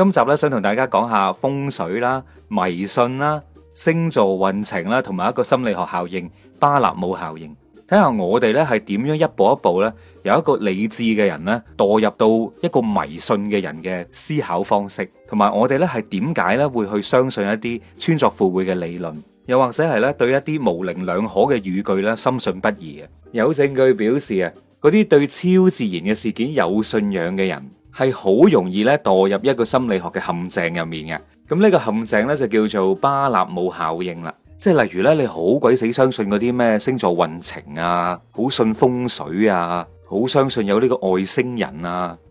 今集咧想同大家講下風水啦、迷信啦、星座運程啦，同埋一個心理學效應——巴納姆效應。睇下我哋咧係點樣一步一步咧由一個理智嘅人咧墮入到一個迷信嘅人嘅思考方式，同埋我哋咧係點解咧會去相信一啲穿鑿附會嘅理論，又或者係咧對一啲模棱兩可嘅語句咧深信不疑嘅。有證據表示啊，嗰啲對超自然嘅事件有信仰嘅人，係好容易咧墮入一個心理學嘅陷阱入面嘅，咁呢個陷阱咧就叫做巴納姆效應啦，即係例如咧你好鬼死相信嗰啲咩星座運程啊，好信風水啊，好相信有呢個外星人啊。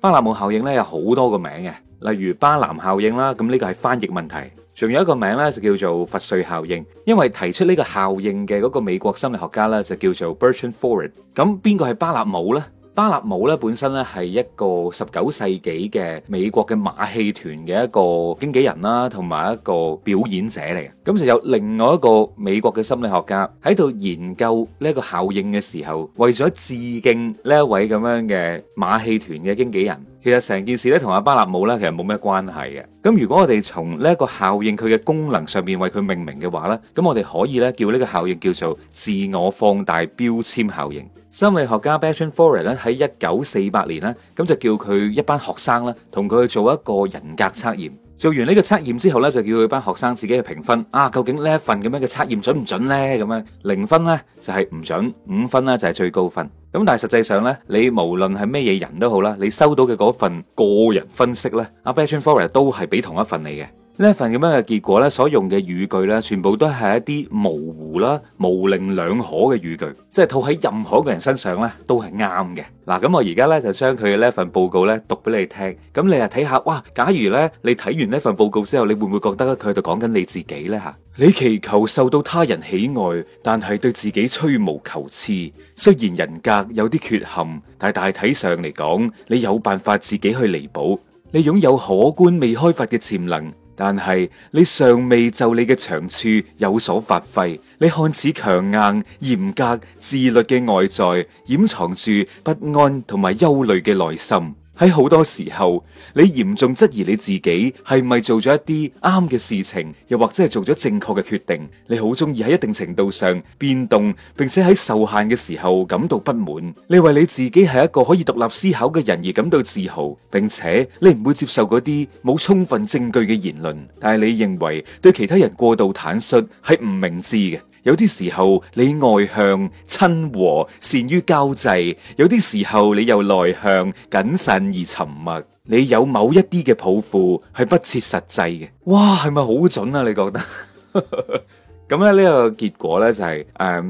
巴納姆效應咧，有好多個名嘅，例如巴南效應啦，咁呢個係翻譯問題。仲有一個名咧，就叫做佛瑞效應，因為提出呢個效應嘅嗰個美國心理學家咧，就叫做 Bertrand Ford。咁邊個係巴納姆呢？巴納姆咧本身咧係一個十九世紀嘅美國嘅馬戲團嘅一個經紀人啦，同埋一個表演者嚟嘅。咁就有另外一個美國嘅心理學家喺度研究呢個效應嘅時候，為咗致敬呢一位咁樣嘅馬戲團嘅經紀人。其實成件事咧同阿巴納姆咧其實冇咩關係嘅。咁如果我哋從呢一個效應佢嘅功能上面為佢命名嘅話咧，咁我哋可以咧叫呢個效應叫做自我放大標籤效應。心理學家 Bertram Forer 咧喺一九四八年咧，咁就叫佢一班學生咧同佢去做一個人格測驗。做完呢個測驗之後呢，就叫佢班學生自己去評分啊。究竟呢一份咁樣嘅測驗準唔準呢？咁樣零分呢就係、是、唔準，五分呢就係、是、最高分。咁但係實際上呢，你無論係咩嘢人都好啦，你收到嘅嗰份個人分析呢，阿 Bertram Forer 都係俾同一份你嘅。呢一份咁樣嘅結果呢，所用嘅語句呢，全部都係一啲模糊啦、模棱兩可嘅語句，即係套喺任何一個人身上呢都係啱嘅。嗱，咁我而家呢就將佢嘅呢一份報告呢讀俾你聽，咁你啊睇下，哇！假如呢你睇完呢份報告之後，你會唔會覺得佢喺度講緊你自己呢？嚇，你祈求受到他人喜愛，但係對自己吹毛求疵。雖然人格有啲缺陷，但係大體上嚟講，你有辦法自己去彌補。你擁有可觀未開發嘅潛能。但係你尚未就你嘅長處有所發揮，你看似強硬、嚴格、自律嘅外在，掩藏住不安同埋憂慮嘅內心。喺好多時候，你嚴重質疑你自己係咪做咗一啲啱嘅事情，又或者係做咗正確嘅決定。你好中意喺一定程度上變動，並且喺受限嘅時候感到不滿。你為你自己係一個可以獨立思考嘅人而感到自豪，並且你唔會接受嗰啲冇充分證據嘅言論。但係你認為對其他人過度坦率係唔明智嘅。有啲時候你外向、親和、善於交際；有啲時候你又內向、謹慎而沉默。你有某一啲嘅抱負係不切實際嘅。哇，係咪好準啊？你覺得？咁咧呢個結果咧就係誒，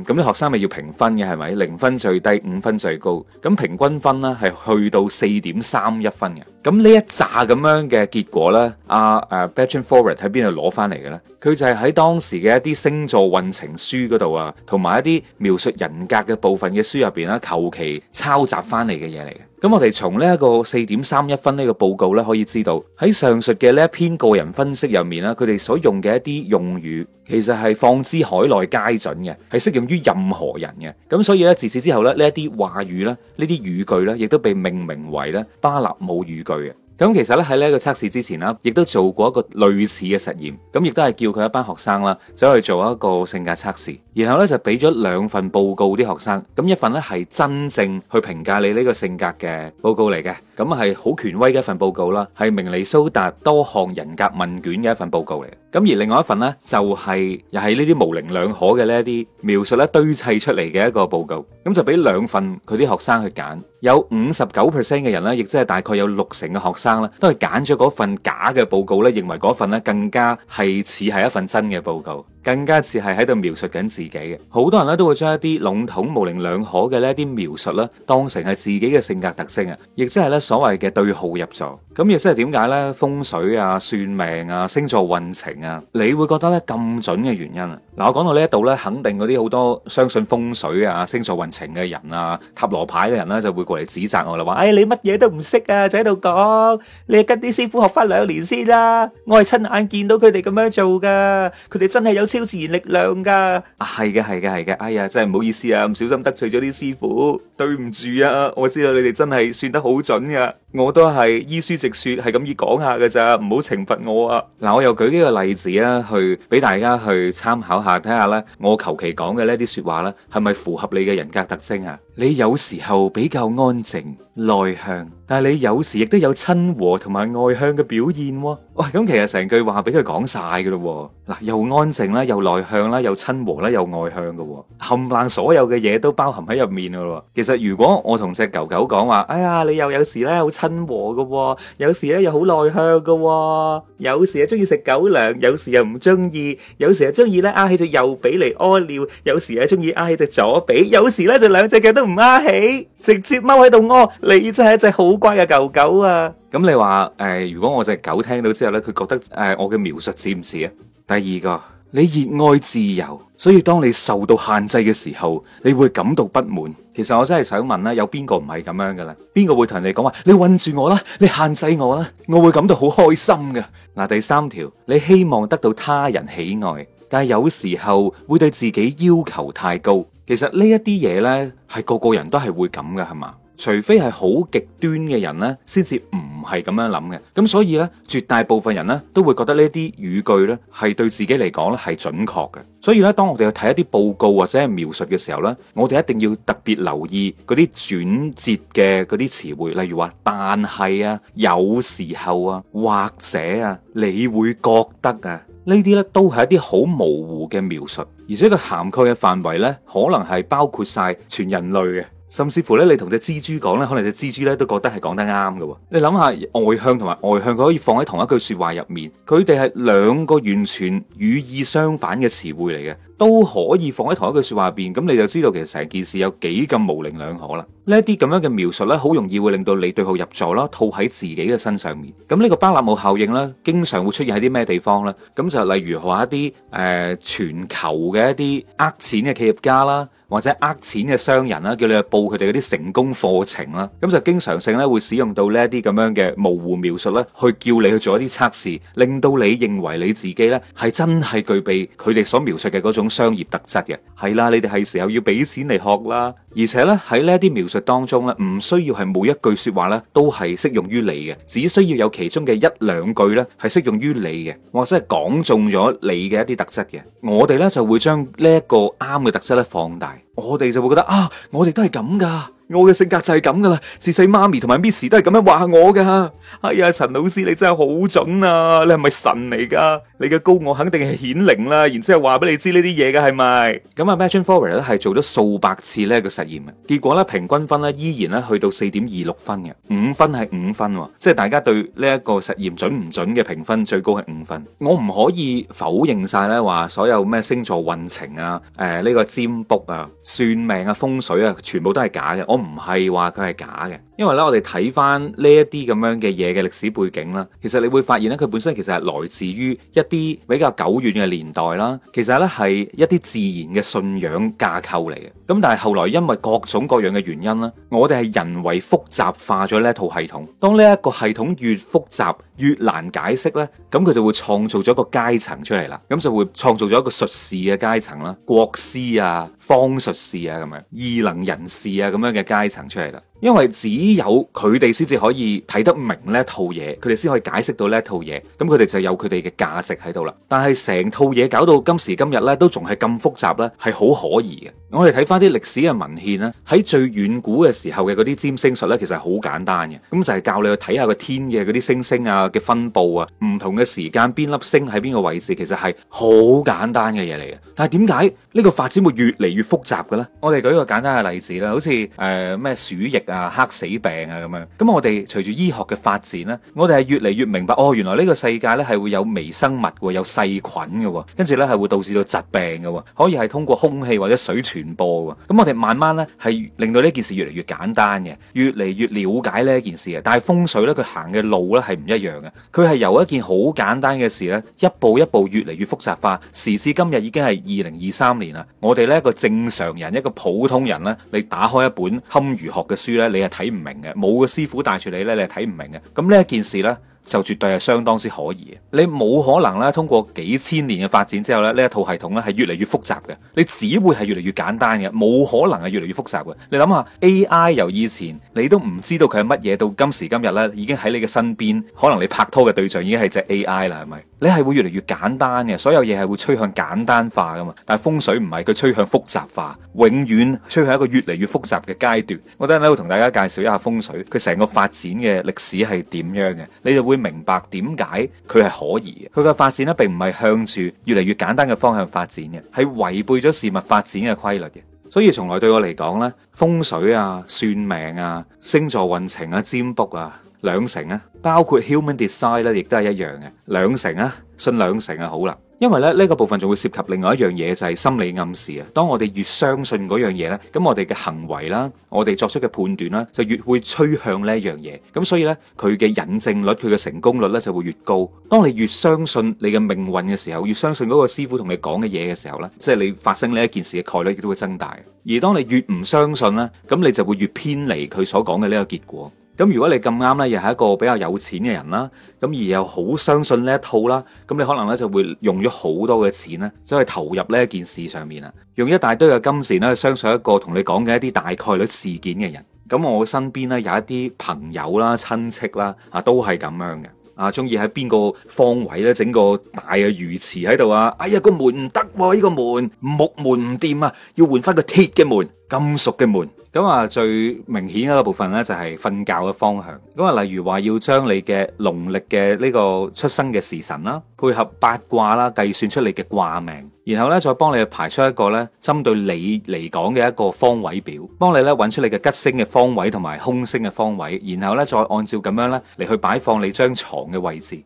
咁啲學生咪要評分嘅，係咪？零分最低，五分最高。咁平均分咧係去到四點三一分嘅。咁呢一紮咁樣嘅結果，啊啊、呢？阿誒 Bachman Forrester 喺邊度攞翻嚟嘅呢？佢就係喺當時嘅一啲星座運程書嗰度啊，同埋一啲描述人格嘅部分嘅書入邊啦，求其抄襲翻嚟嘅嘢嚟嘅。咁我哋從呢一個四點三一分呢個報告呢，可以知道喺上述嘅呢一篇個人分析入面呢，佢哋所用嘅一啲用語其實係放之海內皆準嘅，係適用於任何人嘅。咁所以呢，自此之後呢，呢一啲話語咧，呢啲語句咧，亦都被命名為呢巴納姆語句。咁其實咧，喺呢個測試之前啦，亦都做過一個類似嘅實驗，咁亦都係叫佢一班學生啦，走去做一個性格測試，然後呢就俾咗兩份報告啲學生，咁一份呢係真正去評價你呢個性格嘅報告嚟嘅。咁係好權威嘅一份報告啦，係明尼蘇達多項人格問卷嘅一份報告嚟。咁而另外一份呢，就是，就係又係呢啲模棱兩可嘅呢一啲描述呢堆砌出嚟嘅一個報告。咁就俾兩份佢啲學生去揀，有五十九 percent 嘅人呢，亦即係大概有六成嘅學生呢，都係揀咗嗰份假嘅報告呢，認為嗰份呢更加係似係一份真嘅報告。更加似係喺度描述緊自己嘅，好多人呢都會將一啲籠統模稜兩可嘅呢一啲描述呢，當成係自己嘅性格特徵啊！亦即係呢所謂嘅對號入座。咁亦即係點解呢？風水啊、算命啊、星座運程啊，你會覺得呢咁準嘅原因啊？嗱，我講到呢一度呢，肯定嗰啲好多相信風水啊、星座運程嘅人啊、塔羅牌嘅人呢，就會過嚟指責我啦，話：唉，你乜嘢都唔識啊，就喺度講，你跟啲師傅學翻兩年先啦，我係親眼見到佢哋咁樣做噶，佢哋真係有。超自然力量噶，係嘅、啊，係嘅，係嘅。哎呀，真係唔好意思啊，唔小心得罪咗啲師傅，對唔住啊！我知道你哋真係算得好準啊。我都係依書直說，係咁易講下噶咋，唔好懲罰我啊！嗱，我又舉呢個例子啊，去俾大家去參考下，睇下咧，我求其講嘅呢一啲說話咧，係咪符合你嘅人格特徵啊？你有時候比較安靜內向，但係你有時亦都有親和同埋外向嘅表現喎。喂，咁其實成句話俾佢講晒噶咯，嗱，又安靜啦，又內向啦，又親和啦，又外向噶，冚爛所有嘅嘢都包含喺入面噶咯。其實如果我同隻狗狗講話，哎呀，你又有時咧好～親和嘅、哦，有時咧又好內向嘅、哦，有時又中意食狗糧，有時又唔中意，有時又中意咧呃起隻右髀嚟屙尿，有時又中意呃起隻左髀，有時咧就兩隻腳都唔呃起，直接踎喺度屙。你真係一隻好乖嘅狗狗啊！咁你話誒、呃，如果我隻狗聽到之後呢，佢覺得誒、呃、我嘅描述似唔似啊？第二個。你熱愛自由，所以當你受到限制嘅時候，你會感到不滿。其實我真係想問啦，有邊個唔係咁樣嘅咧？邊個會同你講話？你困住我啦，你限制我啦，我會感到好開心㗎。嗱，第三條，你希望得到他人喜愛，但係有時候會對自己要求太高。其實呢一啲嘢呢，係個個人都係會咁噶，係嘛？除非係好極端嘅人呢，先至唔係咁樣諗嘅。咁所以呢，絕大部分人呢都會覺得呢啲語句呢係對自己嚟講呢係準確嘅。所以呢，當我哋去睇一啲報告或者係描述嘅時候呢，我哋一定要特別留意嗰啲轉折嘅嗰啲詞彙，例如話但係啊、有時候啊、或者啊，你會覺得啊，呢啲呢都係一啲好模糊嘅描述，而且個涵蓋嘅範圍呢，可能係包括晒全人類嘅。甚至乎咧，你同隻蜘蛛講咧，可能隻蜘蛛咧都覺得係講得啱嘅。你諗下，外向同埋外向，佢可以放喺同一句說話入面，佢哋係兩個完全語意相反嘅詞彙嚟嘅，都可以放喺同一句說話入邊。咁你就知道其實成件事有幾咁模稜兩可啦。呢一啲咁樣嘅描述咧，好容易會令到你對號入座啦，套喺自己嘅身上面。咁呢個巴納姆效應咧，經常會出現喺啲咩地方咧？咁就例如話一啲誒、呃、全球嘅一啲呃錢嘅企業家啦。或者呃錢嘅商人啦，叫你去報佢哋嗰啲成功課程啦，咁就經常性咧會使用到呢一啲咁樣嘅模糊描述咧，去叫你去做一啲測試，令到你認為你自己咧係真係具備佢哋所描述嘅嗰種商業特質嘅。係啦，你哋係時候要俾錢嚟學啦。而且咧喺呢一啲描述當中咧，唔需要係每一句說話咧都係適用於你嘅，只需要有其中嘅一兩句咧係適用於你嘅，或者係講中咗你嘅一啲特質嘅，我哋咧就會將呢一個啱嘅特質咧放大，我哋就會覺得啊，我哋都係咁噶。我嘅性格就係咁噶啦，自細媽咪同埋 Miss 都係咁樣話我噶。哎呀，陳老師你真係好準啊！你係咪神嚟噶？你嘅高我肯定係顯靈啦，然之後話俾你知呢啲嘢嘅係咪？咁啊，Imagine Forward 咧係做咗數百次呢一個實驗嘅，結果咧平均分咧依然咧去到四點二六分嘅，五分係五分，即係大家對呢一個實驗準唔準嘅評分最高係五分。我唔可以否認晒咧話所有咩星座運程啊、誒呢個占卜啊、算命啊、風水啊，全部都係假嘅。我唔係話佢係假嘅。因為咧，我哋睇翻呢一啲咁樣嘅嘢嘅歷史背景啦，其實你會發現咧，佢本身其實係來自於一啲比較久遠嘅年代啦。其實呢係一啲自然嘅信仰架構嚟嘅。咁但係後來因為各種各樣嘅原因啦，我哋係人為複雜化咗呢一套系統。當呢一個系統越複雜越難解釋呢，咁佢就會創造咗一個階層出嚟啦。咁就會創造咗一個術士嘅階層啦，國師啊、方術士啊咁樣，異能人士啊咁樣嘅階層出嚟啦。因為只有佢哋先至可以睇得明呢一套嘢，佢哋先可以解釋到呢一套嘢，咁佢哋就有佢哋嘅價值喺度啦。但係成套嘢搞到今時今日呢，都仲係咁複雜呢，係好可疑嘅。我哋睇翻啲歷史嘅文獻咧，喺最遠古嘅時候嘅嗰啲占星術呢，其實係好簡單嘅，咁就係教你去睇下個天嘅嗰啲星星啊嘅分佈啊，唔同嘅時間邊粒星喺邊個位置，其實係好簡單嘅嘢嚟嘅。但係點解？呢個發展會越嚟越複雜嘅咧。我哋舉一個簡單嘅例子啦，好似誒咩鼠疫啊、黑死病啊咁樣。咁我哋隨住醫學嘅發展呢，我哋係越嚟越明白，哦，原來呢個世界呢係會有微生物嘅，有細菌嘅，跟住呢係會導致到疾病嘅，可以係通過空氣或者水傳播嘅。咁我哋慢慢呢係令到呢件事越嚟越簡單嘅，越嚟越了解呢件事嘅。但係風水呢，佢行嘅路呢係唔一樣嘅。佢係由一件好簡單嘅事呢，一步一步越嚟越複雜化。時至今日已經係二零二三年。我哋呢一個正常人，一個普通人咧，你打開一本堪輿學嘅書咧，你係睇唔明嘅。冇個師傅帶住你咧，你係睇唔明嘅。咁呢一件事咧。就絕對係相當之可以，你冇可能咧通過幾千年嘅發展之後咧，呢一套系統咧係越嚟越複雜嘅，你只會係越嚟越簡單嘅，冇可能係越嚟越複雜嘅。你諗下，AI 由以前你都唔知道佢係乜嘢，到今時今日咧已經喺你嘅身邊，可能你拍拖嘅對象已經係隻 AI 啦，係咪？你係會越嚟越簡單嘅，所有嘢係會趨向簡單化噶嘛？但係風水唔係，佢趨向複雜化，永遠趨向一個越嚟越複雜嘅階段。我等陣咧會同大家介紹一下風水，佢成個發展嘅歷史係點樣嘅，你就會明白點解佢係可疑嘅，佢嘅發展咧並唔係向住越嚟越簡單嘅方向發展嘅，係違背咗事物發展嘅規律嘅。所以從來對我嚟講咧，風水啊、算命啊、星座運程啊、占卜啊，兩成啊，包括 human design 咧、啊，亦都係一樣嘅，兩成啊。信兩成啊，好啦，因為咧呢個部分仲會涉及另外一樣嘢，就係心理暗示啊。當我哋越相信嗰樣嘢咧，咁我哋嘅行為啦，我哋作出嘅判斷啦，就越會趨向呢一樣嘢。咁所以咧，佢嘅引證率、佢嘅成功率咧就會越高。當你越相信你嘅命運嘅時候，越相信嗰個師傅同你講嘅嘢嘅時候咧，即係你發生呢一件事嘅概率亦都會增大。而當你越唔相信咧，咁你就會越偏離佢所講嘅呢個結果。咁如果你咁啱呢，又係一個比較有錢嘅人啦，咁而又好相信呢一套啦，咁你可能呢就會用咗好多嘅錢呢，走去投入呢一件事上面啊，用一大堆嘅金錢呢，去相信一個同你講嘅一啲大概率事件嘅人。咁我身邊呢，有一啲朋友啦、親戚啦，啊都係咁樣嘅，啊中意喺邊個方位呢？整個大嘅魚池喺度啊，哎呀、個門唔得喎，呢個門木門唔掂啊，要換翻個鐵嘅門、金屬嘅門。咁啊，最明顯一個部分呢，就係瞓覺嘅方向。咁啊，例如話要將你嘅農曆嘅呢個出生嘅時辰啦，配合八卦啦，計算出你嘅卦命，然後呢，再幫你排出一個呢針對你嚟講嘅一個方位表，幫你呢搵出你嘅吉星嘅方位同埋凶星嘅方位，然後呢，再按照咁樣呢嚟去擺放你張床嘅位置。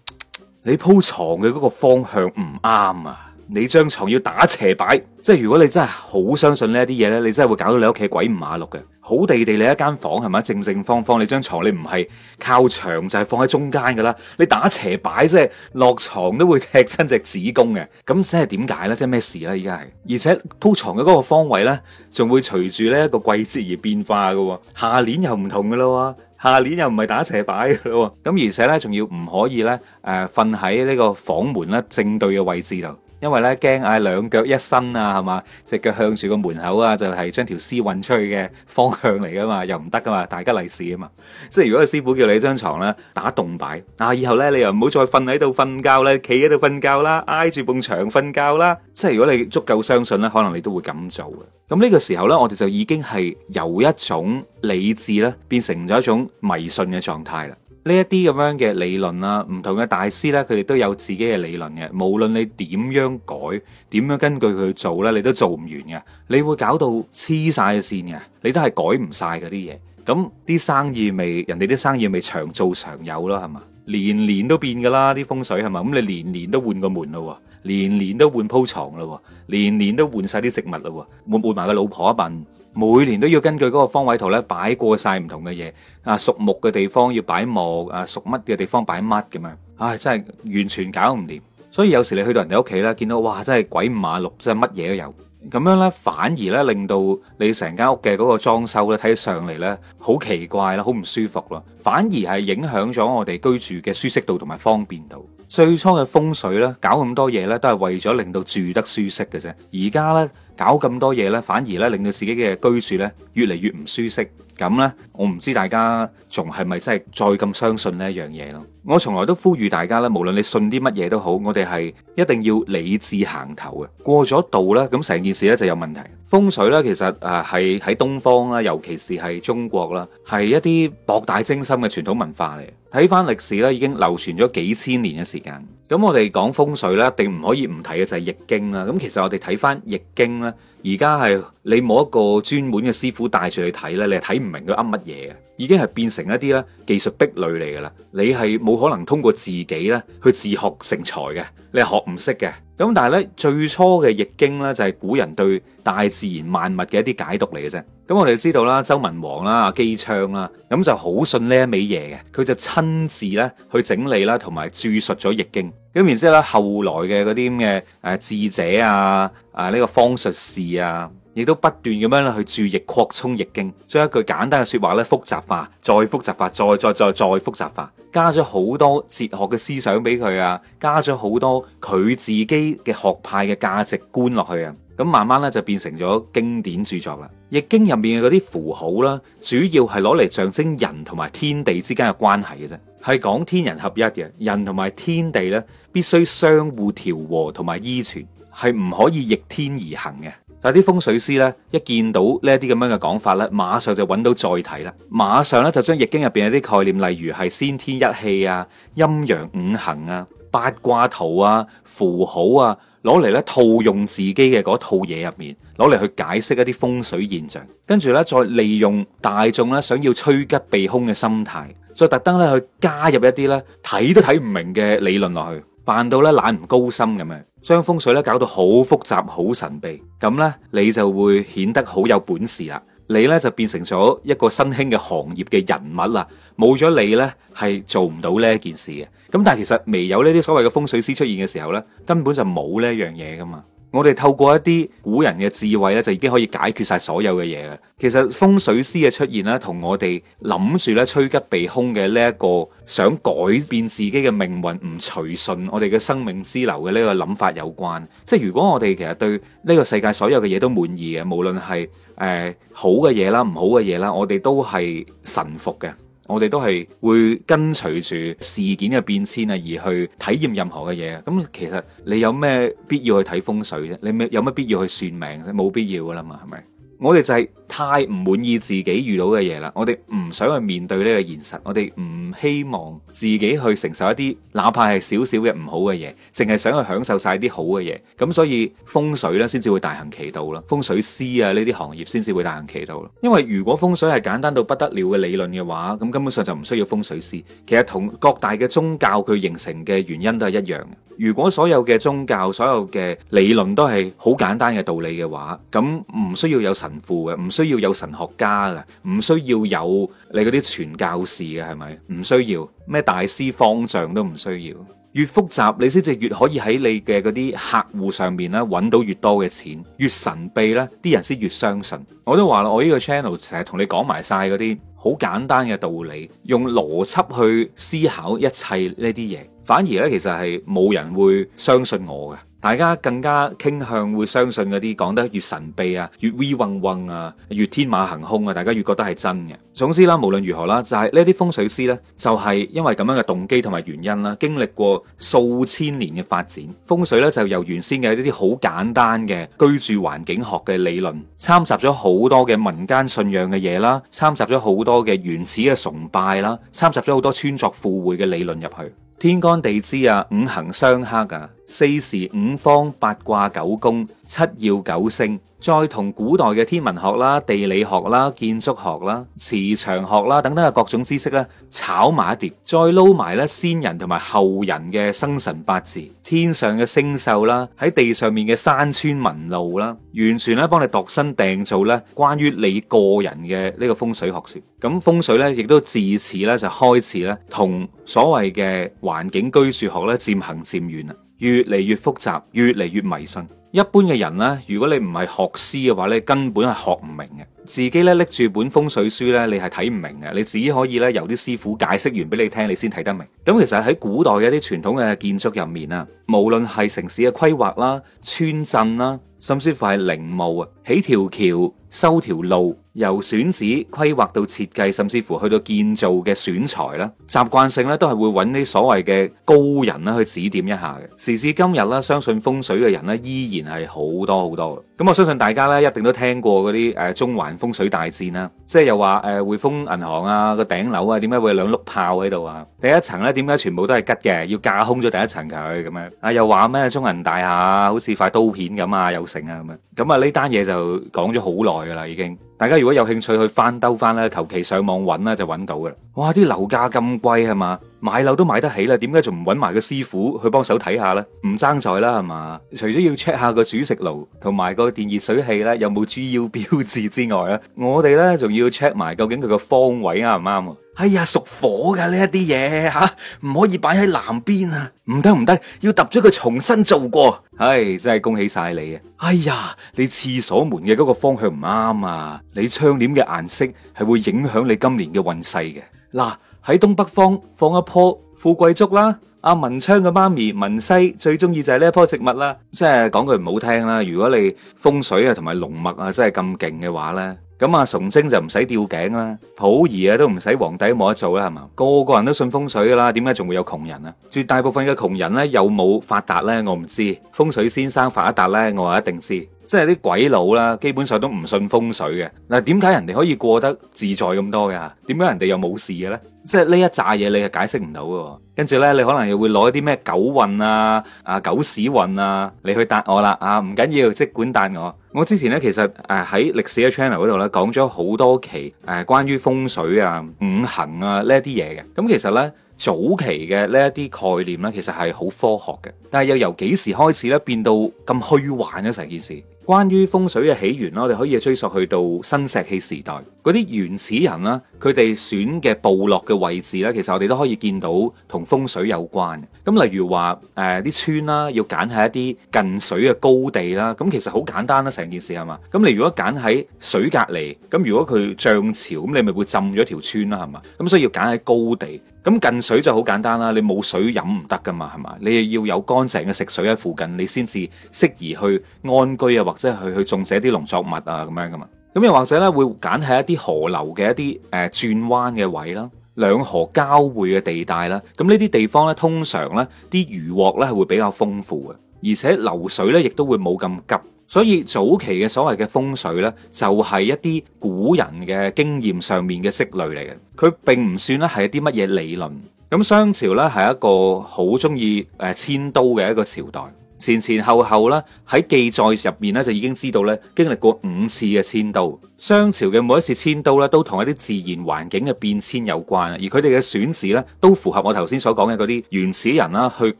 你鋪床嘅嗰個方向唔啱啊！你張床要打斜擺，即係如果你真係好相信呢一啲嘢呢，你真係會搞到你屋企鬼五馬六嘅。好地地你一間房係咪正正方方，你張床你唔係靠牆就係、是、放喺中間噶啦。你打斜擺，即係落床都會踢親隻子宮嘅。咁即係點解呢？即係咩事呢？而家係，而且鋪床嘅嗰個方位呢，仲會隨住呢一個季節而變化嘅。下年又唔同噶咯，下年又唔係打斜擺噶咯。咁而且呢，仲要唔可以呢，誒、呃，瞓喺呢個房門咧正對嘅位置度。因為咧驚嗌，兩腳一伸啊，係嘛，隻腳向住個門口啊，就係將條絲運出去嘅方向嚟噶嘛，又唔得噶嘛，大吉利是啊嘛。即係如果個師傅叫你張床咧打洞擺啊，以後咧你又唔好再瞓喺度瞓覺啦，企喺度瞓覺啦，挨住埲牆瞓覺啦。即係如果你足夠相信咧，可能你都會咁做嘅。咁呢個時候咧，我哋就已經係由一種理智咧變成咗一種迷信嘅狀態啦。呢一啲咁樣嘅理論啊，唔同嘅大師咧，佢哋都有自己嘅理論嘅。無論你點樣改，點樣根據佢做咧，你都做唔完嘅。你會搞到黐晒線嘅，你都係改唔晒嗰啲嘢。咁啲生意未，人哋啲生意未長做長有咯，係嘛？年年都變噶啦，啲風水係嘛？咁你年年都換個門咯，年年都換鋪床咯，年年都換晒啲植物咯，換換埋個老婆一笨！每年都要根據嗰個方位圖咧擺過晒唔同嘅嘢啊，屬木嘅地方要擺木啊，屬乜嘅地方擺乜咁樣。唉、啊，真係完全搞唔掂。所以有時你去到人哋屋企咧，見到哇，真係鬼五馬六，真係乜嘢都有。咁樣咧，反而咧令到你成間屋嘅嗰個裝修咧，睇起上嚟咧，好奇怪啦，好唔舒服咯。反而係影響咗我哋居住嘅舒適度同埋方便度。最初嘅風水咧，搞咁多嘢咧，都係為咗令到住得舒適嘅啫。而家咧。搞咁多嘢呢，反而呢令到自己嘅居住呢越嚟越唔舒適。咁呢，我唔知大家仲係咪真係再咁相信呢一樣嘢咯？我從來都呼籲大家咧，無論你信啲乜嘢都好，我哋係一定要理智行頭嘅，過咗度啦，咁成件事咧就有問題。風水咧其實誒係喺東方啦，尤其是係中國啦，係一啲博大精深嘅傳統文化嚟。睇翻歷史咧，已經流傳咗幾千年嘅時間。咁我哋講風水咧，一定唔可以唔睇嘅就係易經啦。咁其實我哋睇翻易經啦，而家係你冇一個專門嘅師傅帶住你睇咧，你係睇唔明佢噏乜嘢嘅。已經係變成一啲咧技術壁壘嚟嘅啦，你係冇可能通過自己咧去自學成才嘅，你係學唔識嘅。咁但係咧最初嘅易經咧就係古人對大自然萬物嘅一啲解讀嚟嘅啫。咁我哋就知道啦，周文王啦、姬、啊、昌啦，咁就好信呢一味嘢嘅，佢就親自咧去整理啦，同埋注述咗易經。咁然之後咧，後來嘅嗰啲嘅誒智者啊啊呢、這個方術士啊。亦都不斷咁樣去注譯擴充《易經》，將一句簡單嘅說話咧複雜化，再複雜化，再再再再複雜化，加咗好多哲學嘅思想俾佢啊，加咗好多佢自己嘅學派嘅價值觀落去啊，咁慢慢咧就變成咗經典著作啦。《易經》入面嘅嗰啲符號啦，主要係攞嚟象徵人同埋天地之間嘅關係嘅啫，係講天人合一嘅，人同埋天地咧必須相互調和同埋依存，係唔可以逆天而行嘅。但係啲風水師咧，一見到呢一啲咁樣嘅講法咧，馬上就揾到載體啦，馬上咧就將易經入邊有啲概念，例如係先天一氣啊、陰陽五行啊、八卦圖啊、符號啊，攞嚟咧套用自己嘅嗰套嘢入面，攞嚟去解釋一啲風水現象，跟住咧再利用大眾咧想要趨吉避凶嘅心態，再特登咧去加入一啲咧睇都睇唔明嘅理論落去。扮到咧懶唔高深咁樣，將風水咧搞到好複雜、好神秘，咁咧你就會顯得好有本事啦。你咧就變成咗一個新興嘅行業嘅人物啦。冇咗你咧係做唔到呢一件事嘅。咁但係其實未有呢啲所謂嘅風水師出現嘅時候咧，根本就冇呢一樣嘢噶嘛。我哋透過一啲古人嘅智慧咧，就已經可以解決晒所有嘅嘢啦。其實風水師嘅出現啦，同我哋諗住咧趨吉避凶嘅呢一個想改變自己嘅命運，唔隨順我哋嘅生命之流嘅呢個諗法有關。即係如果我哋其實對呢個世界所有嘅嘢都滿意嘅，無論係誒、呃、好嘅嘢啦、唔好嘅嘢啦，我哋都係臣服嘅。我哋都係會跟隨住事件嘅變遷啊，而去體驗任何嘅嘢啊。咁其實你有咩必要去睇風水啫？你咩有乜必要去算命？你冇必要噶啦嘛，係咪？我哋就係太唔滿意自己遇到嘅嘢啦，我哋唔想去面對呢個現實，我哋唔希望自己去承受一啲，哪怕係少少嘅唔好嘅嘢，淨係想去享受晒啲好嘅嘢，咁所以風水呢，先至會大行其道啦，風水師啊呢啲行業先至會大行其道咯。因為如果風水係簡單到不得了嘅理論嘅話，咁根本上就唔需要風水師。其實同各大嘅宗教佢形成嘅原因都係一樣嘅。如果所有嘅宗教、所有嘅理論都係好簡單嘅道理嘅話，咁唔需要有神父嘅，唔需要有神學家嘅，唔需要有你嗰啲傳教士嘅，係咪？唔需要咩大師、方丈都唔需要。越複雜，你先至越可以喺你嘅嗰啲客戶上面揾到越多嘅錢。越神秘，呢啲人先越相信。我都話啦，我呢個 channel 成日同你講埋晒嗰啲好簡單嘅道理，用邏輯去思考一切呢啲嘢。反而咧，其實係冇人會相信我嘅，大家更加傾向會相信嗰啲講得越神秘啊，越 we 嗡嗡啊，越天馬行空啊，大家越覺得係真嘅。總之啦，無論如何啦，就係呢啲風水師咧，就係、是、因為咁樣嘅動機同埋原因啦，經歷過數千年嘅發展，風水咧就由原先嘅一啲好簡單嘅居住環境學嘅理論，摻雜咗好多嘅民間信仰嘅嘢啦，摻雜咗好多嘅原始嘅崇拜啦，摻雜咗好多穿鑿附會嘅理論入去。天干地支啊，五行相克啊，四時五方八卦九宮七曜九星。再同古代嘅天文學啦、地理學啦、建築學啦、磁場學啦等等嘅各種知識咧炒埋一碟，再撈埋咧先人同埋後人嘅生辰八字、天上嘅星宿啦、喺地上面嘅山川文路啦，完全咧幫你度身訂造咧關於你個人嘅呢個風水學說。咁風水咧亦都自此咧就開始咧同所謂嘅環境居住學咧漸行漸遠啦，越嚟越複雜，越嚟越迷信。一般嘅人咧，如果你唔係學師嘅話咧，根本係學唔明嘅。自己咧拎住本風水書咧，你係睇唔明嘅。你自己可以咧由啲師傅解釋完俾你聽，你先睇得明。咁其實喺古代嘅一啲傳統嘅建築入面啊，無論係城市嘅規劃啦、村鎮啦，甚至乎係陵墓啊、起條橋，修條路，由選址、規劃到設計，甚至乎去到建造嘅選材啦，習慣性咧都係會揾啲所謂嘅高人啦去指點一下嘅。時至今日啦，相信風水嘅人呢依然係好多好多嘅。咁我相信大家呢一定都聽過嗰啲誒中環風水大戰啦，即係又話誒匯豐銀行啊個頂樓啊點解會有兩碌炮喺度啊？第一層呢點解全部都係吉嘅？要架空咗第一層佢咁樣。啊又話咩中銀大廈好似塊刀片咁啊，有成啊咁啊。咁啊呢單嘢就講咗好耐。噶啦，已經大家如果有興趣去翻兜翻咧，求其上網揾啦，就揾到噶啦。哇，啲樓價咁貴係嘛，買樓都買得起啦，點解仲唔揾埋個師傅去幫手睇下呢？唔爭在啦，係嘛？除咗要 check 下個煮食爐同埋個電熱水器呢，有冇主要標誌之外咧，我哋呢，仲要 check 埋究竟佢個方位啱唔啱哎呀，屬火嘅呢一啲嘢吓，唔可以擺喺南邊啊！唔得唔得，要揼咗佢重新做過。唉，真係恭喜晒你啊！哎呀，你廁所門嘅嗰個方向唔啱啊！你窗簾嘅顏色係會影響你今年嘅運勢嘅。嗱，喺東北方放一棵富貴竹啦。阿文昌嘅媽咪文西最中意就係呢一棵植物啦。即係講句唔好聽啦，如果你風水啊同埋龍脈啊真係咁勁嘅話呢。咁啊，崇禎就唔使吊頸啦，溥儀啊都唔使皇帝都冇得做啦，係嘛？個個人都信風水噶啦，點解仲會有窮人啊？絕大部分嘅窮人呢，有冇發達呢？我唔知，風水先生發達呢，我話一定知。即係啲鬼佬啦，基本上都唔信風水嘅。嗱，點解人哋可以過得自在咁多㗎？點解人哋又冇事嘅咧？即係呢一紮嘢，你係解釋唔到㗎。跟住咧，你可能又會攞啲咩狗運啊、啊狗屎運啊你去答我啦。啊，唔緊要，即管答我。我之前咧，其實誒喺歷史嘅 channel 嗰度咧，講咗好多期誒關於風水啊、五行啊呢一啲嘢嘅。咁、嗯、其實咧。早期嘅呢一啲概念呢，其實係好科學嘅，但係又由幾時開始呢，變到咁虛幻呢？成件事關於風水嘅起源，我哋可以追溯去到新石器時代嗰啲原始人啦。佢哋選嘅部落嘅位置呢，其實我哋都可以見到同風水有關。咁例如話，誒、呃、啲村啦，要揀喺一啲近水嘅高地啦。咁其實好簡單啦，成件事係嘛？咁你如果揀喺水隔離，咁如果佢漲潮，咁你咪會浸咗條村啦，係嘛？咁所以要揀喺高地。咁近水就好簡單啦，你冇水飲唔得噶嘛，係嘛？你要有乾淨嘅食水喺附近，你先至適宜去安居啊，或者去去種植一啲農作物啊咁樣噶嘛。咁又或者呢，會揀喺一啲河流嘅一啲誒轉彎嘅位啦，兩河交匯嘅地帶啦。咁呢啲地方呢，通常呢啲魚獲呢係會比較豐富嘅，而且流水呢亦都會冇咁急。所以早期嘅所謂嘅風水呢，就係一啲古人嘅經驗上面嘅積累嚟嘅，佢並唔算咧係一啲乜嘢理論。咁商朝呢，係一個好中意誒遷都嘅一個朝代，前前後後呢，喺記載入面呢，就已經知道呢，經歷過五次嘅遷都。商朝嘅每一次遷都咧，都同一啲自然環境嘅變遷有關，而佢哋嘅選址咧，都符合我頭先所講嘅嗰啲原始人啦，去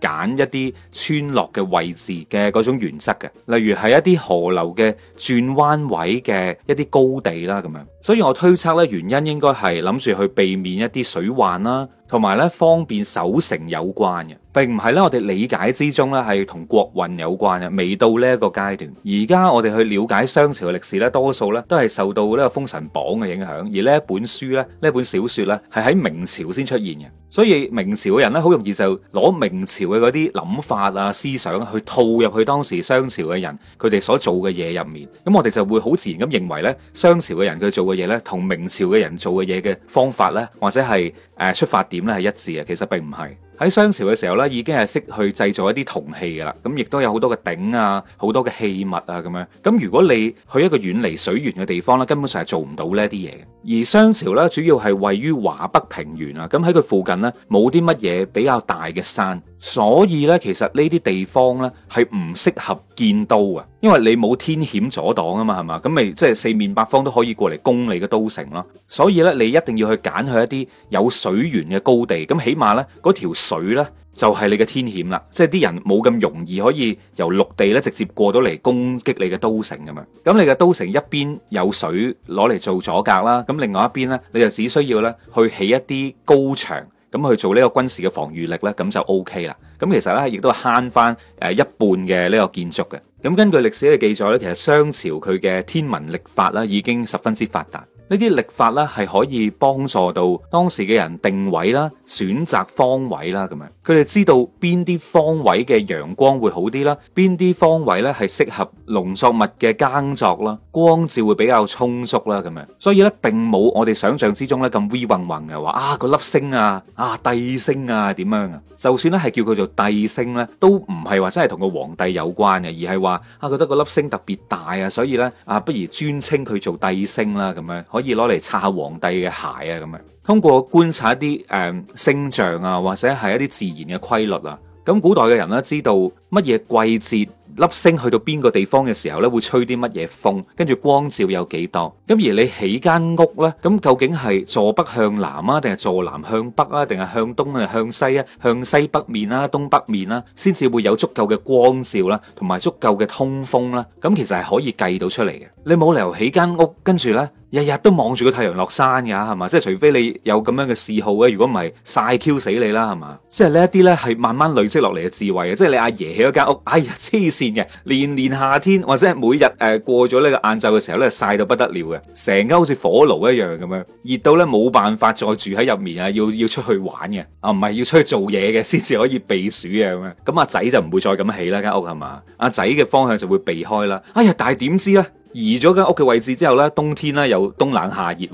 揀一啲村落嘅位置嘅嗰種原則嘅，例如係一啲河流嘅轉彎位嘅一啲高地啦咁樣。所以我推測咧，原因應該係諗住去避免一啲水患啦，同埋咧方便守城有關嘅，並唔係咧我哋理解之中咧係同國運有關嘅。未到呢一個階段，而家我哋去了解商朝嘅歷史咧，多數咧都係。受到呢個封神榜嘅影響，而呢一本書咧，呢本小說咧，係喺明朝先出現嘅。所以明朝嘅人咧，好容易就攞明朝嘅嗰啲諗法啊、思想去套入去當時商朝嘅人佢哋所做嘅嘢入面。咁我哋就會好自然咁認為咧，商朝嘅人佢做嘅嘢咧，同明朝嘅人做嘅嘢嘅方法呢，或者係誒出發點咧係一致嘅。其實並唔係。喺商朝嘅時候呢，已經係識去製造一啲銅器㗎喇，咁亦都有好多嘅鼎啊，好多嘅器物啊咁樣。咁如果你去一個遠離水源嘅地方呢，根本上係做唔到呢啲嘢。而商朝呢，主要係位於華北平原啊，咁喺佢附近呢，冇啲乜嘢比較大嘅山。所以咧，其實呢啲地方呢係唔適合建都啊，因為你冇天險阻擋啊嘛，係嘛？咁咪即係四面八方都可以過嚟攻你嘅都城咯。所以呢，你一定要去揀去一啲有水源嘅高地，咁起碼呢嗰條水呢就係你嘅天險啦。即係啲人冇咁容易可以由陸地呢直接過到嚟攻擊你嘅都城咁樣。咁你嘅都城一邊有水攞嚟做阻隔啦，咁另外一邊呢，你就只需要呢去起一啲高牆。咁去做呢個軍事嘅防禦力呢，咁就 OK 啦。咁其實呢，亦都慳返誒一半嘅呢個建築嘅。咁根據歷史嘅記載呢，其實商朝佢嘅天文曆法呢，已經十分之發達。呢啲歷法咧係可以幫助到當時嘅人定位啦、選擇方位啦咁樣。佢哋知道邊啲方位嘅陽光會好啲啦，邊啲方位咧係適合農作物嘅耕作啦，光照會比較充足啦咁樣。所以咧並冇我哋想像之中咧咁 we 混混嘅話啊，個粒星啊，啊帝星啊點樣啊？就算咧係叫佢做帝星咧，都唔係話真係同個皇帝有關嘅，而係話啊，覺得個粒星特別大啊，所以咧啊，不如專稱佢做帝星啦咁樣。可以攞嚟擦下皇帝嘅鞋啊，咁樣通過觀察一啲誒、嗯、星象啊，或者係一啲自然嘅規律啊，咁古代嘅人咧知道乜嘢季節。粒星去到邊個地方嘅時候咧，會吹啲乜嘢風？跟住光照有幾多？咁而你起間屋咧，咁究竟係坐北向南啊，定係坐南向北啊，定係向東啊，向西啊，向西北面啊，東北面啊先至會有足夠嘅光照啦，啊，同埋足夠嘅通風啦，啊。咁其實係可以計到出嚟嘅。你冇理由起間屋，跟住咧日日都望住個太陽落山㗎係嘛？即係除非你有咁樣嘅嗜好啊，如果唔係曬 Q 死你啦係嘛？即係呢一啲咧係慢慢累積落嚟嘅智慧啊，即係你阿爺起咗間屋，哎呀黐線！年年夏天或者係每日，誒，過咗呢個晏晝嘅時候咧，曬到不得了嘅，成間好似火爐一樣咁樣，熱到咧冇辦法再住喺入面啊，要要出去玩嘅啊，唔係要出去做嘢嘅先至可以避暑啊咁樣，咁阿仔就唔會再咁起啦間屋係嘛，阿仔嘅方向就會避開啦。哎呀，但係點知咧，移咗間屋嘅位置之後咧，冬天咧又冬冷夏熱。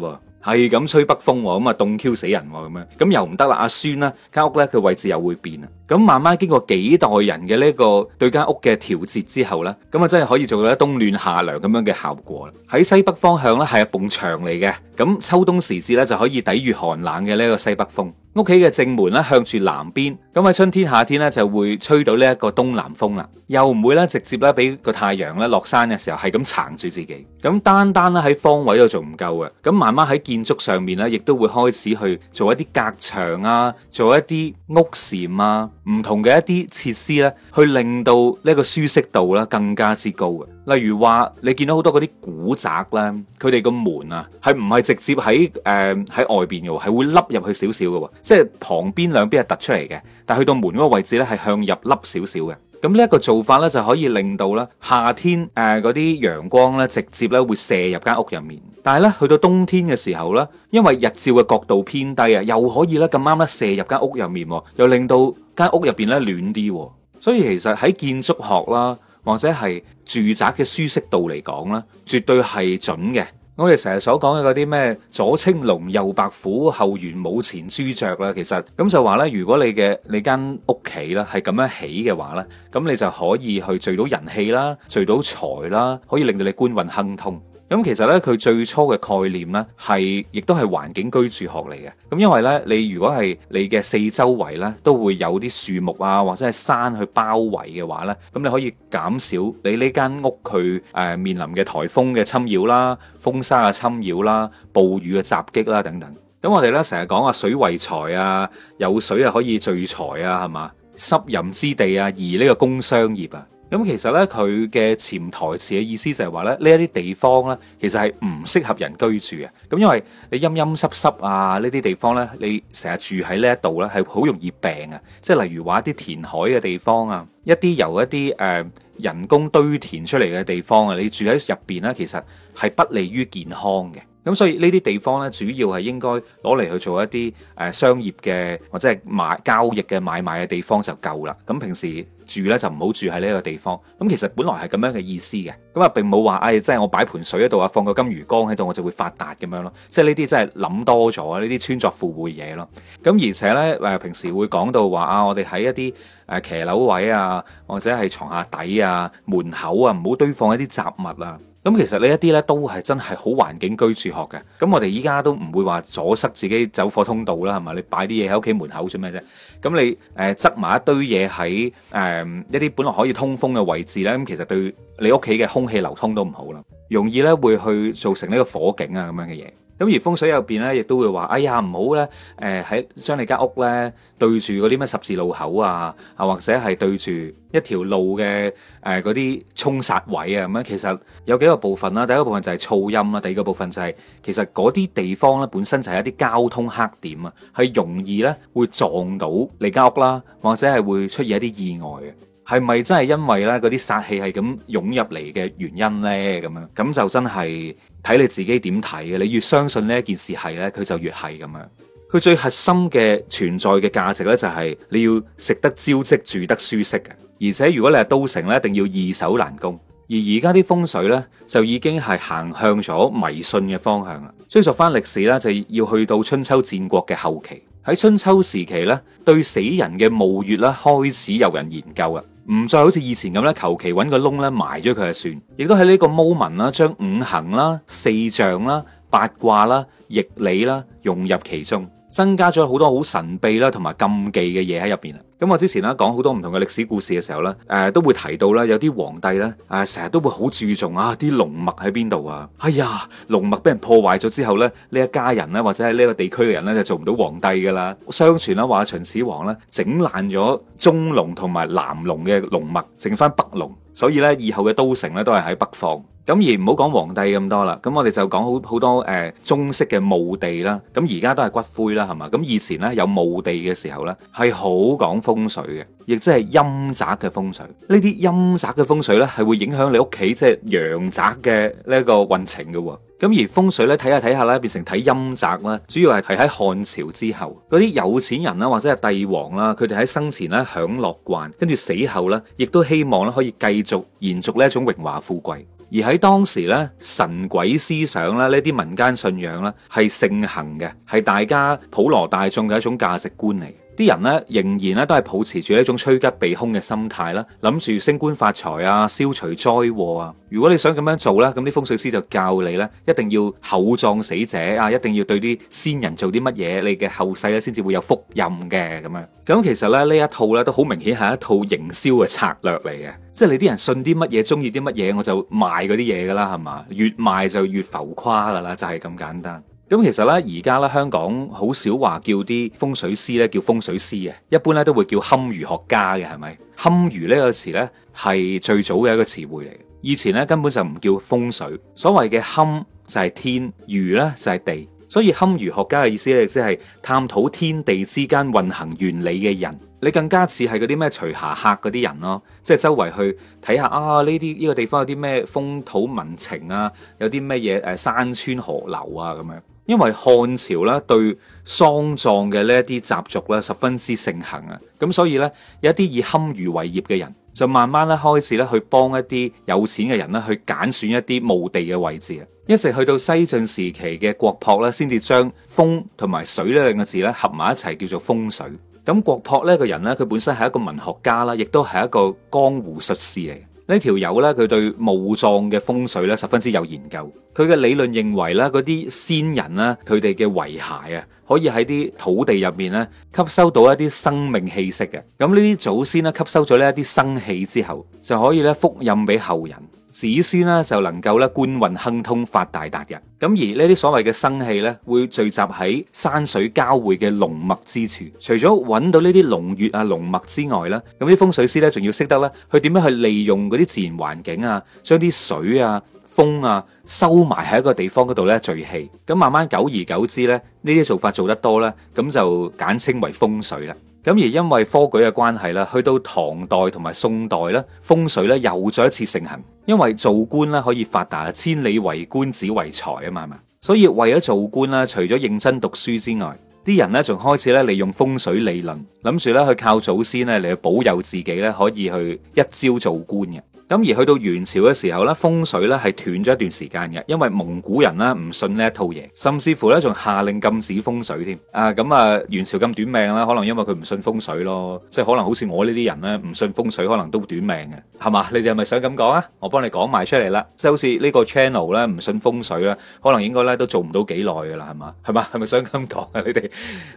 係咁吹北風，咁啊凍 Q 死人咁樣，咁又唔得啦。阿孫啦，間屋咧佢位置又會變啊。咁慢慢經過幾代人嘅呢個對間屋嘅調節之後咧，咁啊真係可以做到咧冬暖夏涼咁樣嘅效果啦。喺西北方向咧係一埲牆嚟嘅，咁秋冬時節咧就可以抵禦寒，寒冷嘅呢個西北風。屋企嘅正門咧向住南邊，咁喺春天夏天咧就會吹到呢一個東南風啦。又唔會咧，直接咧俾個太陽咧落山嘅時候係咁撐住自己。咁單單咧喺方位度仲唔夠嘅，咁慢慢喺建築上面咧，亦都會開始去做一啲隔牆啊，做一啲屋檐啊，唔同嘅一啲設施咧，去令到呢個舒適度咧更加之高嘅。例如話，你見到好多嗰啲古宅咧，佢哋個門啊，係唔係直接喺誒喺外邊嘅，係會凹入去少少嘅，即係旁邊兩邊係突出嚟嘅，但係去到門嗰個位置咧係向入凹少少嘅。咁呢一個做法呢，就可以令到呢夏天誒嗰啲陽光呢直接呢會射入間屋入面。但係呢，去到冬天嘅時候呢，因為日照嘅角度偏低啊，又可以呢咁啱呢射入間屋入面，又令到間屋入邊呢暖啲。所以其實喺建築學啦，或者係住宅嘅舒適度嚟講呢，絕對係準嘅。我哋成日所講嘅嗰啲咩左青龍右白虎後玄武前朱雀啦，其實咁就話呢。如果你嘅你間屋企呢係咁樣起嘅話呢，咁你就可以去聚到人氣啦，聚到財啦，可以令到你官運亨通。咁其實呢，佢最初嘅概念呢，係亦都係環境居住學嚟嘅。咁因為呢，你如果係你嘅四周圍呢，都會有啲樹木啊，或者係山去包圍嘅話呢，咁你可以減少你呢間屋佢誒面臨嘅颱風嘅侵擾啦、風沙嘅侵擾啦、暴雨嘅襲擊啦等等。咁我哋呢，成日講啊，水為財啊，有水啊可以聚財啊，係嘛？濕淫之地啊，而呢個工商業啊。咁其實呢，佢嘅潛台詞嘅意思就係話呢：呢一啲地方呢，其實係唔適合人居住嘅。咁因為你陰陰濕濕濕啊，呢啲地方呢，你成日住喺呢一度呢，係好容易病啊。即係例如話一啲填海嘅地方啊，一啲由一啲誒、呃、人工堆填出嚟嘅地方啊，你住喺入邊呢，其實係不利於健康嘅。咁所以呢啲地方呢，主要係應該攞嚟去做一啲誒商業嘅或者係買交易嘅買賣嘅地方就夠啦。咁平時，住咧就唔好住喺呢一個地方，咁其實本來係咁樣嘅意思嘅，咁啊並冇話，唉、哎，即、就、係、是、我擺盤水喺度啊，放個金魚缸喺度，我就會發達咁樣咯，即係呢啲真係諗多咗啊，呢啲穿鑿附會嘢咯。咁而且呢，誒，平時會講到話啊，我哋喺一啲誒、啊、騎樓位啊，或者係床下底啊、門口啊，唔好堆放一啲雜物啊。咁其實呢一啲呢都係真係好環境居住學嘅。咁我哋依家都唔會話阻塞自己走火通道啦，係嘛？你擺啲嘢喺屋企門口做咩啫？咁你誒執埋一堆嘢喺誒一啲本來可以通風嘅位置呢，咁其實對你屋企嘅空氣流通都唔好啦，容易呢會去造成呢個火警啊咁樣嘅嘢。咁而風水入邊咧，亦都會話：哎呀，唔好咧！誒，喺將你間屋咧對住嗰啲咩十字路口啊，啊或者係對住一條路嘅誒嗰啲衝殺位啊咁樣。其實有幾個部分啦，第一個部分就係噪音啦，第二個部分就係、是、其實嗰啲地方咧本身就係一啲交通黑點啊，係容易咧會撞到你間屋啦，或者係會出現一啲意外嘅。係咪真係因為咧嗰啲煞氣係咁湧入嚟嘅原因呢？咁樣咁就真係睇你自己點睇嘅。你越相信呢一件事係呢，佢就越係咁樣。佢最核心嘅存在嘅價值呢，就係、是、你要食得招積，住得舒適嘅而且如果你係都城呢，一定要易守難攻。而而家啲風水呢，就已經係行向咗迷信嘅方向啦。追溯翻歷史呢，就要去到春秋戰國嘅後期。喺春秋時期呢，對死人嘅墓穴咧開始有人研究啦。唔再好似以前咁咧，求其揾個窿咧埋咗佢就算，亦都喺呢個 moment 啦，將五行啦、四象啦、八卦啦、易理啦融入其中。增加咗好多好神秘啦，同埋禁忌嘅嘢，喺入邊啊！咁我之前咧講好多唔同嘅歷史故事嘅時候咧，誒、呃、都會提到啦，有啲皇帝咧誒，成日都會好注重啊啲龍脈喺邊度啊！哎呀，龍脈俾人破壞咗之後咧，呢一家人咧或者係呢個地區嘅人咧就做唔到皇帝噶啦。相傳啦，話秦始皇咧整爛咗中龍同埋南龍嘅龍脈，剩翻北龍，所以咧以後嘅都城咧都係喺北方。咁而唔好講皇帝咁多啦，咁我哋就講好好多誒、呃、中式嘅墓地啦。咁而家都係骨灰啦，係嘛？咁以前呢，有墓地嘅時候呢，係好講風水嘅，亦即係陰宅嘅風水。呢啲陰宅嘅風水呢，係會影響你屋企即係陽宅嘅呢一個運程嘅喎。咁而風水呢，睇下睇下呢，變成睇陰宅啦，主要係係喺漢朝之後嗰啲有錢人啦或者係帝王啦，佢哋喺生前呢享樂慣，跟住死後呢，亦都希望呢，可以繼續延續呢一種榮華富貴。而喺當時咧，神鬼思想啦，呢啲民間信仰啦，係盛行嘅，係大家普羅大眾嘅一種價值觀嚟。啲人咧仍然咧都係保持住一種趨吉避凶嘅心態啦，諗住升官發財啊，消除災禍啊。如果你想咁樣做啦，咁啲風水師就教你咧，一定要厚葬死者啊，一定要對啲先人做啲乜嘢，你嘅後世咧先至會有福蔭嘅咁樣。咁其實咧呢一套咧都好明顯係一套營銷嘅策略嚟嘅，即係你啲人信啲乜嘢，中意啲乜嘢，我就賣嗰啲嘢噶啦，係嘛，越賣就越浮誇噶啦，就係咁簡單。咁其實呢，而家咧香港好少話叫啲風水師呢，叫風水師嘅，一般呢都會叫堪輿學家嘅，係咪？堪輿呢個詞呢，係最早嘅一個詞彙嚟嘅，以前呢，根本就唔叫風水。所謂嘅堪就係天，輿呢，就係地，所以堪輿學家嘅意思呢，即係探討天地之間運行原理嘅人。你更加似係嗰啲咩徐霞客嗰啲人咯，即係周圍去睇下啊，呢啲呢個地方有啲咩風土民情啊，有啲咩嘢誒山川河流啊咁樣。因為漢朝啦，對喪葬嘅呢一啲習俗咧，十分之盛行啊，咁所以呢，有一啲以堪輿為業嘅人，就慢慢咧開始咧去幫一啲有錢嘅人咧，去揀選一啲墓地嘅位置啊，一直去到西晉時期嘅郭璞，咧，先至將風同埋水呢兩個字咧合埋一齊叫做風水。咁郭璞呢個人咧，佢本身係一個文學家啦，亦都係一個江湖術士嚟。呢條友呢，佢對墓葬嘅風水咧十分之有研究。佢嘅理論認為呢，嗰啲先人咧，佢哋嘅遺骸啊，可以喺啲土地入面呢，吸收到一啲生命氣息嘅。咁呢啲祖先呢，吸收咗呢一啲生氣之後，就可以呢複印俾後人。子孫咧就能夠咧官運亨通發大達嘅，咁而呢啲所謂嘅生氣呢，會聚集喺山水交匯嘅龍脈之處。除咗揾到呢啲龍穴啊龍脈之外呢，咁啲風水師呢，仲要識得呢，佢點樣去利用嗰啲自然環境啊，將啲水啊風啊收埋喺一個地方嗰度呢，聚氣，咁慢慢久而久之呢，呢啲做法做得多呢，咁就簡稱為風水啦。咁而因為科舉嘅關係啦，去到唐代同埋宋代咧，風水咧又再一次盛行，因為做官咧可以發達，千里為官只為財啊嘛，係嘛，所以為咗做官咧，除咗認真讀書之外，啲人咧仲開始咧利用風水理論，諗住咧去靠祖先咧嚟，去保佑自己咧可以去一朝做官嘅。咁而去到元朝嘅時候咧，風水咧係斷咗一段時間嘅，因為蒙古人咧唔信呢一套嘢，甚至乎咧仲下令禁止風水添。啊，咁啊，元朝咁短命啦，可能因為佢唔信風水咯，即係可能好似我呢啲人咧唔信風水，可能都短命嘅，係嘛？你哋係咪想咁講啊？我幫你講埋出嚟啦，即係好似呢個 channel 咧唔信風水啦，可能應該咧都做唔到幾耐噶啦，係嘛？係嘛？係咪想咁講啊？你哋，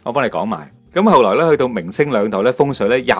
我幫你講埋。咁後來咧去到明清兩代咧，風水咧又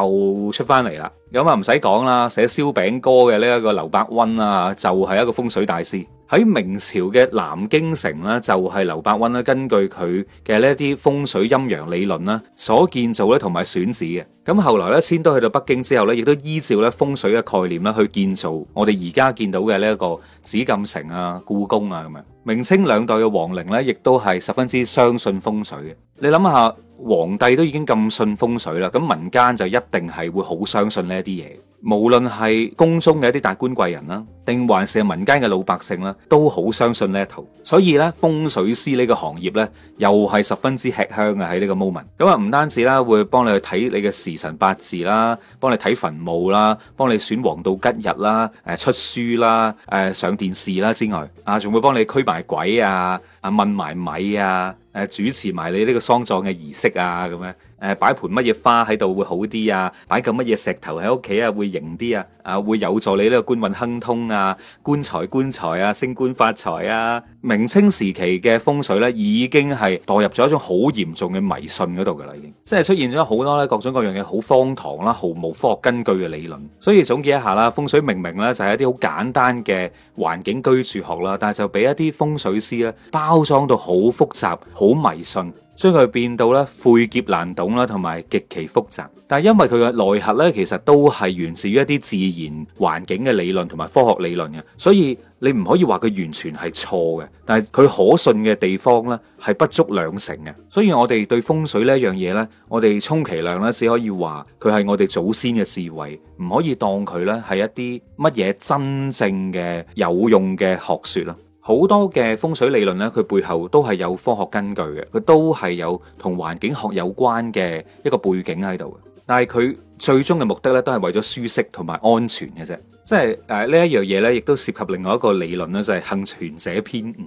出翻嚟啦。有嘛，唔使講啦，寫燒餅歌嘅呢一個劉伯温啦，就係一個風水大師。喺明朝嘅南京城咧，就係劉伯温咧，根據佢嘅呢一啲風水陰陽理論啦，所建造咧同埋選址嘅。咁後來咧遷都去到北京之後咧，亦都依照咧風水嘅概念啦，去建造我哋而家見到嘅呢一個紫禁城啊、故宮啊咁樣。明清兩代嘅皇陵咧，亦都係十分之相信風水嘅。你諗下，皇帝都已經咁信風水啦，咁民間就一定係會好相信咧。一啲嘢，無論係宮中嘅一啲達官貴人啦，定還是民間嘅老百姓啦，都好相信呢一套。所以咧，風水師呢個行業咧，又係十分之吃香嘅。喺呢個 moment，咁啊，唔單止啦，會幫你去睇你嘅時辰八字啦，幫你睇墳墓啦，幫你選黃道吉日啦，誒，出書啦，誒，上電視啦之外，啊，仲會幫你驅埋鬼啊，啊，問埋米啊，誒，主持埋你呢個喪葬嘅儀式啊，咁樣。誒擺盤乜嘢花喺度會好啲啊！擺嚿乜嘢石頭喺屋企啊會型啲啊！啊會有助你呢個官運亨通啊！棺材棺材啊！升官發財啊！明清時期嘅風水呢，已經係墮入咗一種好嚴重嘅迷信嗰度㗎啦，已經即係出現咗好多咧各種各樣嘅好荒唐啦，毫無科學根據嘅理論。所以總結一下啦，風水明明呢，就係一啲好簡單嘅環境居住學啦，但係就俾一啲風水師呢，包裝到好複雜、好迷信。將佢變到咧晦澀難懂啦，同埋極其複雜。但係因為佢嘅內核咧，其實都係源自於一啲自然環境嘅理論同埋科學理論嘅，所以你唔可以話佢完全係錯嘅。但係佢可信嘅地方咧，係不足兩成嘅。所以我哋對風水呢一樣嘢咧，我哋充其量咧，只可以話佢係我哋祖先嘅智慧，唔可以當佢咧係一啲乜嘢真正嘅有用嘅學說啦。好多嘅風水理論呢，佢背後都係有科學根據嘅，佢都係有同環境學有關嘅一個背景喺度。但係佢最終嘅目的呢，都係為咗舒適同埋安全嘅啫。即係誒，呢、呃、一樣嘢呢，亦都涉及另外一個理論呢就係、是、幸存者偏誤。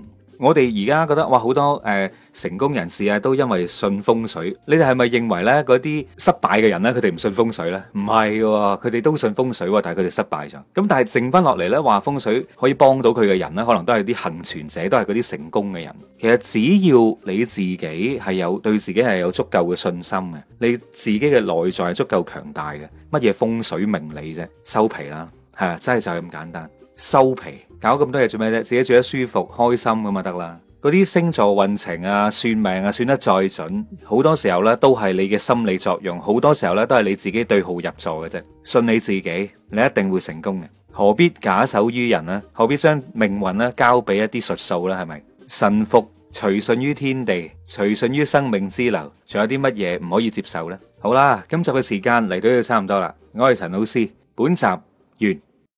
我哋而家覺得哇好多誒、呃、成功人士啊，都因為信風水。你哋係咪認為咧嗰啲失敗嘅人咧，佢哋唔信風水呢？唔係噶，佢哋都信風水，哦，但係佢哋失敗咗。咁但係剩翻落嚟咧，話風水可以幫到佢嘅人咧，可能都係啲幸存者，都係嗰啲成功嘅人。其實只要你自己係有對自己係有足夠嘅信心嘅，你自己嘅內在係足夠強大嘅，乜嘢風水命理啫，收皮啦，係啊，真係就係咁簡單，收皮。搞咁多嘢做咩啫？自己住得舒服、開心咁就得啦！嗰啲星座運程啊、算命啊，算得再準，好多時候咧都係你嘅心理作用，好多時候咧都係你自己對號入座嘅啫。信你自己，你一定會成功嘅。何必假手於人呢？何必將命運呢交俾一啲術數呢？係咪？神服隨順於天地，隨順於生命之流，仲有啲乜嘢唔可以接受呢？好啦，今集嘅時間嚟到呢度差唔多啦。我係陳老師，本集完。